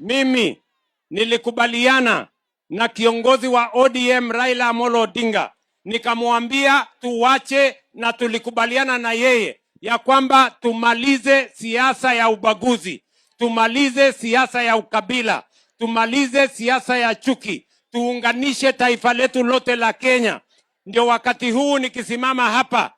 mimi nilikubaliana na kiongozi wa ODM Raila Amolo Odinga, nikamwambia tuwache, na tulikubaliana na yeye ya kwamba tumalize siasa ya ubaguzi, tumalize siasa ya ukabila, tumalize siasa ya chuki, tuunganishe taifa letu lote la Kenya. Ndio wakati huu nikisimama hapa,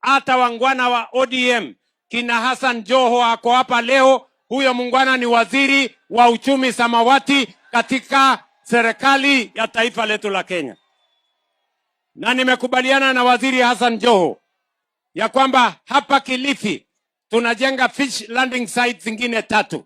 hata wangwana wa ODM kina Hassan Joho ako hapa leo huyo muungwana ni waziri wa uchumi samawati katika serikali ya taifa letu la Kenya, na nimekubaliana na waziri Hassan Joho ya kwamba hapa Kilifi tunajenga fish landing sites zingine tatu,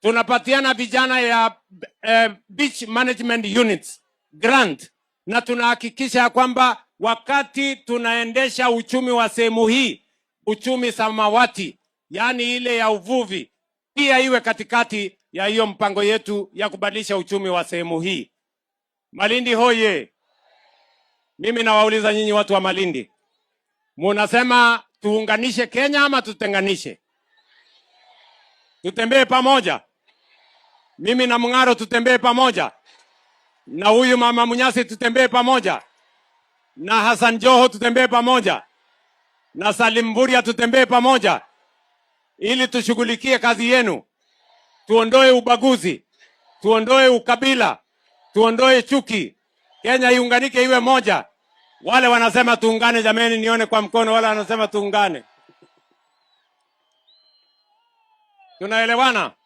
tunapatiana vijana ya eh, beach management units grant, na tunahakikisha ya kwamba wakati tunaendesha uchumi wa sehemu hii, uchumi samawati, yaani ile ya uvuvi pia iwe katikati ya hiyo mpango yetu ya kubadilisha uchumi wa sehemu hii. Malindi hoye! Mimi nawauliza nyinyi watu wa Malindi, munasema tuunganishe Kenya ama tutenganishe? Tutembee pamoja? Mimi na Mng'aro tutembee pamoja? Na huyu mama munyasi tutembee pamoja? Na Hassan Joho tutembee pamoja? Na Salim Mburia tutembee pamoja? ili tushughulikie kazi yenu, tuondoe ubaguzi, tuondoe ukabila, tuondoe chuki. Kenya iunganike iwe moja. Wale wanasema tuungane, jameni, nione kwa mkono. Wale wanasema tuungane, tunaelewana?